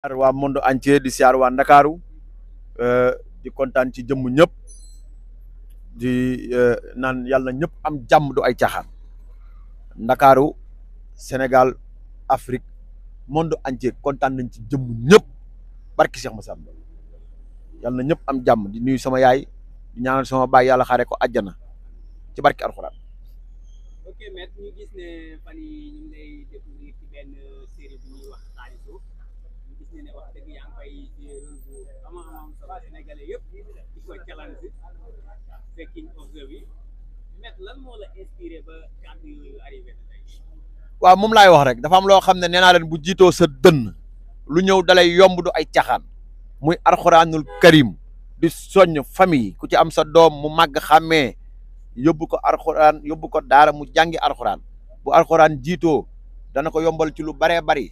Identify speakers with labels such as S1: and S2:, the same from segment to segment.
S1: siyaar waa monde entier di siyaar waa Ndakaaru euh, di kontaan ci jëmm ñëpp di euh, naan ñëpp am jàmm du ay caaxaan Ndakaaru Sénégal Afrique monde entier kontaan nañ ci jëmm ñëpp barki Cheikh Massamba yàlla na ñëpp am jàmm di nuyu sama yaay di ñaanal sama baay yàlla xare ko àjjana ci barki alxuraan.
S2: ok sénégalais
S1: moom laay wax rek dafa am loo xam ne nee naa leen bu jiitoo sa dënn lu ñëw dalay yomb du ay caxaan muy arxuraanul karim di soññ famille ku ci am sa doom mu màgg xàmmee yóbbu ko arxuraan yóbbu ko daara mu jàngi arxuraan bu arxuraan jiitoo dana ko yombal ci lu baree bari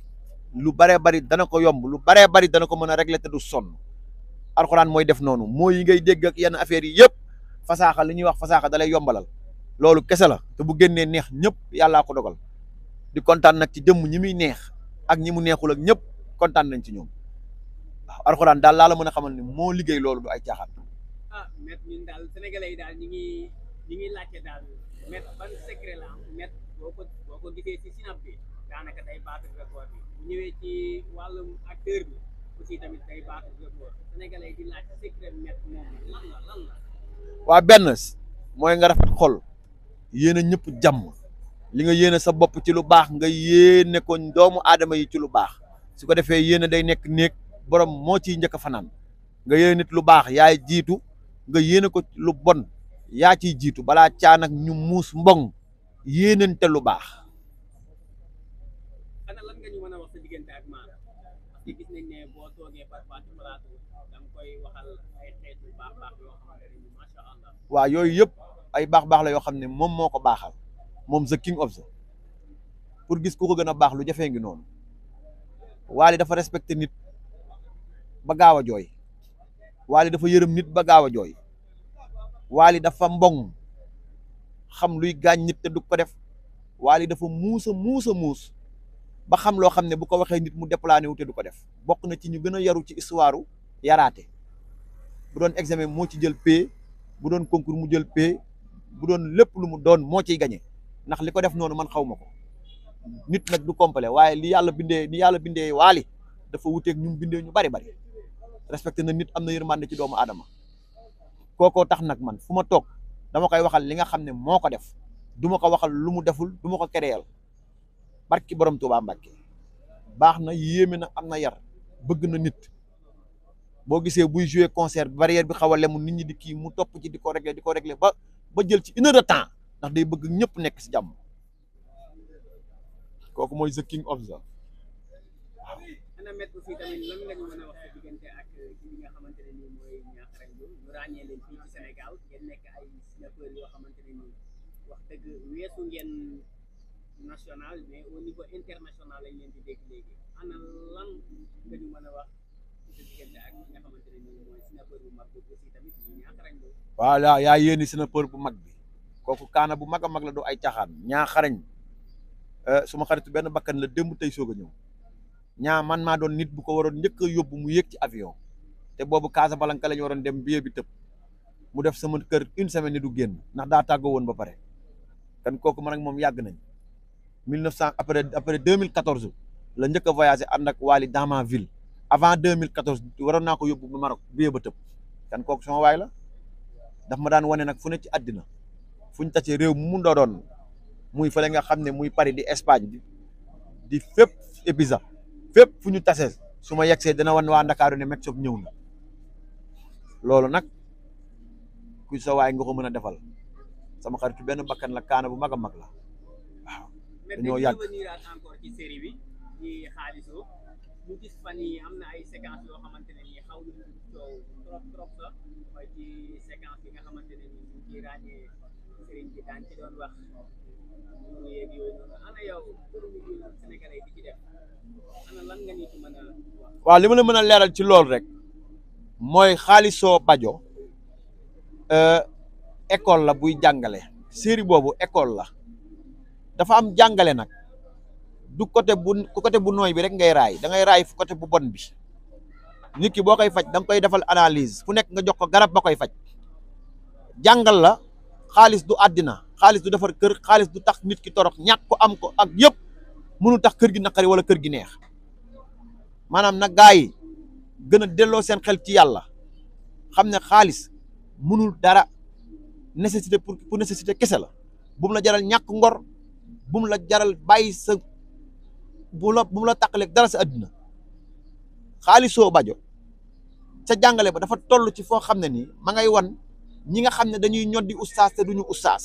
S1: lu baree bari dana ko yomb lu baree bari dana ko mën a régler te du sonn alxuraan mooy def noonu moo yi ngay dégg ak yenn affaires yi yëpp fasaaxa li ñuy wax fasaaxa dalay yombalal loolu kese la te bu génnee neex ñëpp yàllaa ko dogal di kontaan nag ci jëmm ñi muy neex ak ñi mu neexul ak ñëpp kontaan nañ ci ñoom waaw alxuraan daal laa la mën a xamal ni moo liggéey loolu du ay caaxaan.
S2: ah maître ñun daal sénégalais yi daal ñu ngi ñu ngi daal maître ban secret la am boo ko boo ko gisee ci synapse bi daanaka day baatu record bi bu ñëwee ci wàllum acteur bi.
S1: waa benn mooy nga rafet xol yéen a ñëpp jàmm li nga yéene sa bopp ci lu baax nga yéene ko doomu aadama yi ci lu baax su ko defee yéene day nekk néeg borom moo ciy njëkk a fanaan nga yéene nit lu baax yaay jiitu nga yéene ko lu bon yaa ciy jiitu balaa caa nag ñu muus mboŋ yéenente lu baax waa yooyu yëpp ay baax baax la yoo xam ne moom moo ko baaxal moom the king of pour gis ku ko gën a baax lu jafee ngi noonu waali dafa respecté nit ba gaaw a jooy waali dafa yërëm nit ba gaaw a jooy waali dafa mboŋ xam luy gaañ nit te du ko def waali dafa muus a muus a muus ba xam loo xam ne bu ko waxee nit mu déplané wu te du ko def bokk na ci ñu gën a yaru ci histoire yaraate bu doon examen moo ci jël P bu doon concours mu jël P bu doon lépp lu mu doon moo ciy gañe ndax li ko def noonu man xaw ma ko nit nag du complet waaye li yàlla bindee ni yàlla bindee waali dafa wuteeg ñu mu bindee ñu bari bari respecté na nit am na yërmande ci doomu aadama kookoo tax nag man fu ma toog dama koy waxal li nga xam ne moo ko def du ma ko waxal lu mu deful du ma ko kéréel barki boroom Touba Mbacké baax na yéeme nag am na yar bëgg na nit boo gisee buy jouer concert barrière bi xaw a lemu nit ñi di kii mu topp ci di ko régler di ko régler ba ba jël ci une heure temps ndax day bëgg ñëpp nekk si jàmm kooku mooy the king of the waaw.
S2: national mais au niveau international a wax bu mag
S1: yaa yéeni Singapour bu mag bi kooku kaana bu mag a mag la doo ay caxaan caaxaan xareñ eh, suma xaritu benn bakkan la dëmb tey soog a ñëw ñaa man maa doon nit bu ko waroon njëkk a yóbbu mu yéeg ci avion te boobu Casablanca la ñu waroon dem billet bi tëb mu def sama kër une semaine ni du génn ndax daa tàggoo woon ba pare kan kooku man moom yàgg nañ. mille neuf cent après après deux mille quatorze la njëkk a voyagé ànd ak Wally dans ma ville avant deux mille quatorze waroon naa ko yóbbu ba Maroc biyee ba tëb kan kooku sama waay la daf ma daan wane nag fu ne ci addina fu ñu tasee réew mu mundoo doon muy fale nga xam ne muy Paris di Espagne di di fépp épisa fépp fu ñu tase su ma yegsee dana wan waa Ndakaaru ne Metshop ñëw na loolu nag ku sa waay nga ko mën a defal sama xaritu benn bakkan la kaana bu mag a mag la
S2: dañoo yàgg ñu nii xaw nañu coow trop trop sax mooy ci séquence yi mën a
S1: waaw li mën a leeral ci loolu rek mooy Khalisso Badjo euh, école la buy jàngale séri boobu école la dafa am jàngale nag du côté bu côté bu nooy bi rek ngay raay da ngay raay fu côté bu bon bi nit ki boo koy faj da koy defal analise fu nekk nga jox ko garab ba koy faj jàngal la xaalis du àddina xaalis du defar kër xaalis du tax nit ki torox ñàkk ko am ko ak yëpp mënul tax kër gi naqari wala kër gi neex maanaam nag gaa yi gën a delloo seen xel ci yàlla xam ne xaalis mënul dara nécessité pour pour nécessité kese la bu la jaral ñàkk ngor bu mu la jaral bàyyi sa bu bu mu la tàqaleeg dara sa àdduna Xaalisou Badio ca jàngale ba dafa toll ci foo xam ne nii ma ngay wan ñi nga xam ne dañuy ñoddi ustaas te duñu ustaas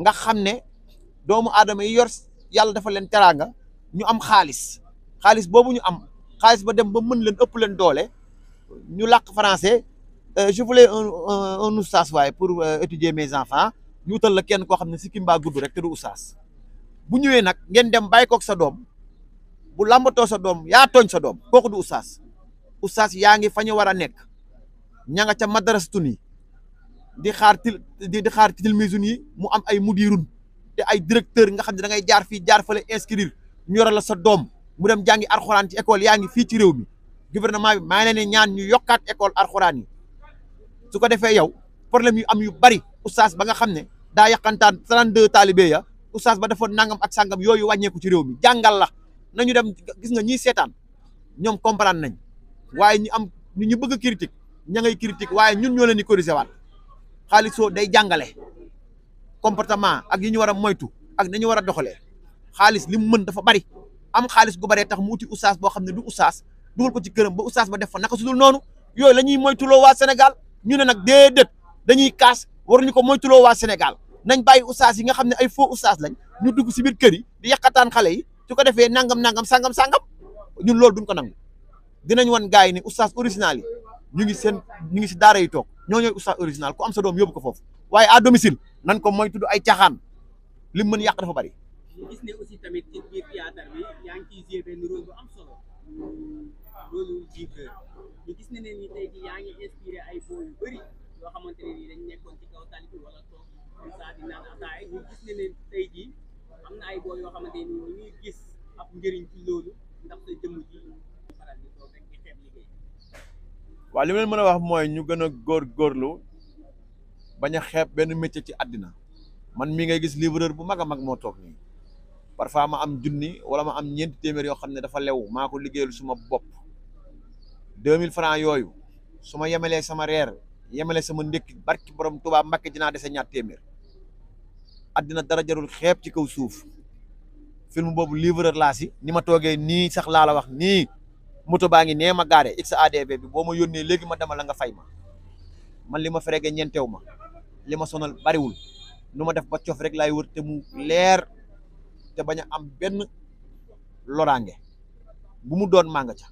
S1: nga xam ne doomu aadama yi yor yàlla dafa leen teraanga ñu am xaalis xaalis boobu ñu am xaalis ba dem ba mën leen ëpp leen doole ñu làkk français euh, je voulais un un, un ustaas waaye pour euh, étudier mes enfants ñu utal la kenn koo xam ne si baa gudd rek te du usaas bu ñëwee nag ngeen dem bàyyi koog sa doom bu làmbatoo sa doom yaa tooñ sa doom kooku du usaas usaas yaa ngi fa ñu war a nekk ña nga ca madarastun yi di xaar til di xaar tilmisun yi mu am ay mudirun te ay directeur nga xam ne da ngay jaar fii jaar fale inscrire ñu la sa doom mu dem jàngi arxuraan ci école yaa ngi fii ci réew mi gouvernement bi maa ngi ñaan ñu yokkaat école arxuraan yi su ko defee yow problème yu am yu bari oustaz ba nga xam ne daa yàqantaan 32 taalibe ya oustaz ba defoon nangam ak sàngam yooyu wàññeeku ci réew mi jàngal la nañu dem gis nga ñiy seetaan ñoom comprendre nañ waaye ñu am ñu bëgg critique ña ngay critique waaye ñun ñoo leen di corriger waat Xalisso day jàngale comportement ak yi ñu war a moytu ak nañu war a doxalee xaalis li mu mën dafa bari am xaalis gu baree tax mu uti oustaz boo xam ne du oustaz dugal ko ci këram ba oustaz ba def fa naka su noonu yooyu la ñuy moytuloo waa senegal ñu ne nag déedéet dañuy kaas waruñu ko moytuloo waa Sénégal nañ bàyyi ustaas yi nga xam ne ay faux ustaas lañ ñu dugg si biir kër yi di yàqataan xale yi su ko defee nangam nangam sangam sangam ñun loolu duñ ko nangu dinañ wan gars yi ne ustaas original ñu ngi seen ñu ngi si daara yi toog ñoo ñooy ustaas original ko am sa doom yóbbu ko foofu waaye à domicile nan ko mooy tudd ay caaxaan li mën yàq dafa bari
S2: gis ne aussi tamit ci biir théâtre bi am
S1: waa li ma leen mën a wax mooy ñu gën a góorgóorlu bañ a xeeb benn métier ci àddina man mii ngay gis livreur bu mag a mag moo toog nii parfois ma am junni wala ma am ñeenti téeméer yoo xam ne dafa lew maa ko liggéeyal suma bopp deux mille francs yooyu su ma yemalee sama reer yemale sama ndékki barki borom Tuubaa Mbakke dinaa dese ñaar téeméer àddina dara jarul xeeb ci kaw suuf film boobu livreur laa ni ma toogee nii sax laala wax nii moto baa ngi nee ma gaare XADV bi boo ma yónnee léegi ma dama la nga fay ma man li ma ferege ñeentew ma li ma sonal bariwul nu ma def ba cof rek laay wër te mu leer te bañ am benn loraange bu mu doon maa ca.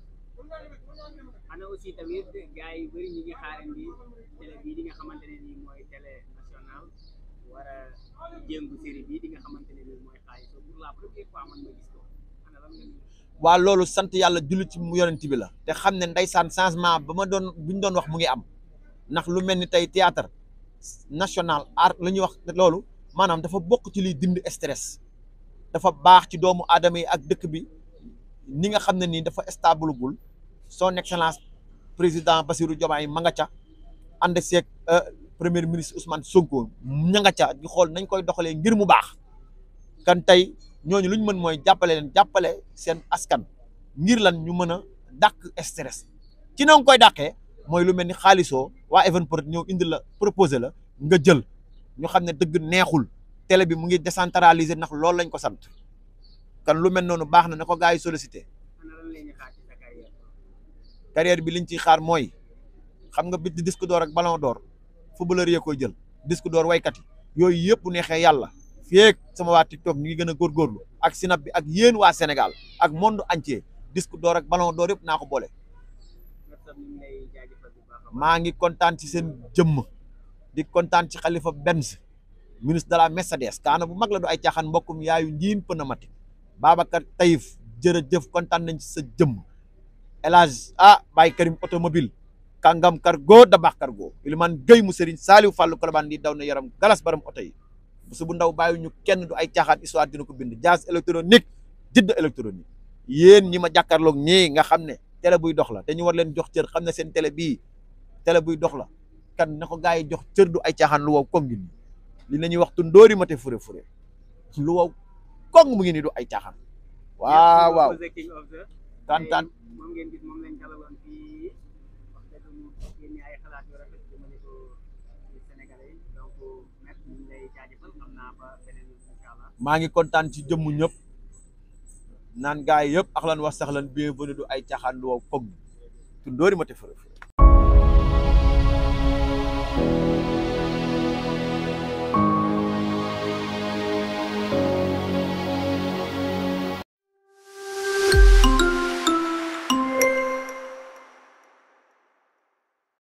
S1: waa loolu sant yàlla jullit ci mu yonent bi la te xam ne ndeysaan changement ba ma doon bu ñu doon wax mu ngi am ndax lu mel ni tey théâtre national art la ñuy wax loolu maanaam dafa bokk ci liy dindi stress dafa baax ci doomu aadama yi ak dëkk bi ni nga xam ne nii dafa stable gul son excellence président Bassirou yi ma nga ca ànd seeg euh, premier ministre Ousmane Sonko ña nga ca di xool nañ koy doxalee ngir mu baax kan tey ñooñu luñ mën mooy jàppale leen jàppale seen askan ngir lan ñu mën a dàq stress ci na nga koy dàqee mooy lu mel ni xaalisoo waa Evenprod ñoo indi la proposé la nga jël ñu xam ne dëgg neexul tele bi mu ngi décentralisé ndax loolu lañ ko sant kan lu mel noonu baax na na ko gars yi sollicité carrière bi liñ ciy xaar mooy xam nga bit disque door ak ballon d'or footballeur yee koy jël disque door waykat yi yooyu yëpp bu neexee yàlla feek sama waa TikTok ñu gën a góorgóorlu ak sinap bi ak yéen waa Sénégal ak monde entier disque d'or ak ballon d'or yëpp naa ko boole. ngi kontaan ci seen jëmm di kontaan ci Khalifa Benz ministre de la Mercedes kaana bu mag la doo ay caaxaan mbokkum yaayu njiin pën a mati Babacar Taïf jërëjëf kontaan nañ ci sa jëmm El a ah Baye Karim automobile kàngam kargo da baax kargo Ilimaan Gueye mu Serigne Saliou Fallou Colobane di daw na yaram galas baram oto yi su bu ndaw bàyyi ñu kenn du ay caaxaan histoire dina ko bind jazz électronique jidd électronique yéen ñi ma jàkkaarloog ñi nga xam ne télé buy dox la te ñu war leen jox cër xam ne seen tele bii télé buy dox la kan na ko gars yi jox cër du ay caaxaan lu wow koŋ gi ñuy wax tundóori ma te lu wow koŋ mu ngi nii du ay caaxaan waaw waaw maa ngi kontaan ci jëmmu ñëpp naan gaay yëpp axlan wax saxlan bienvenue du ay caaxaan du wow foog tu ndóori ma te fërëf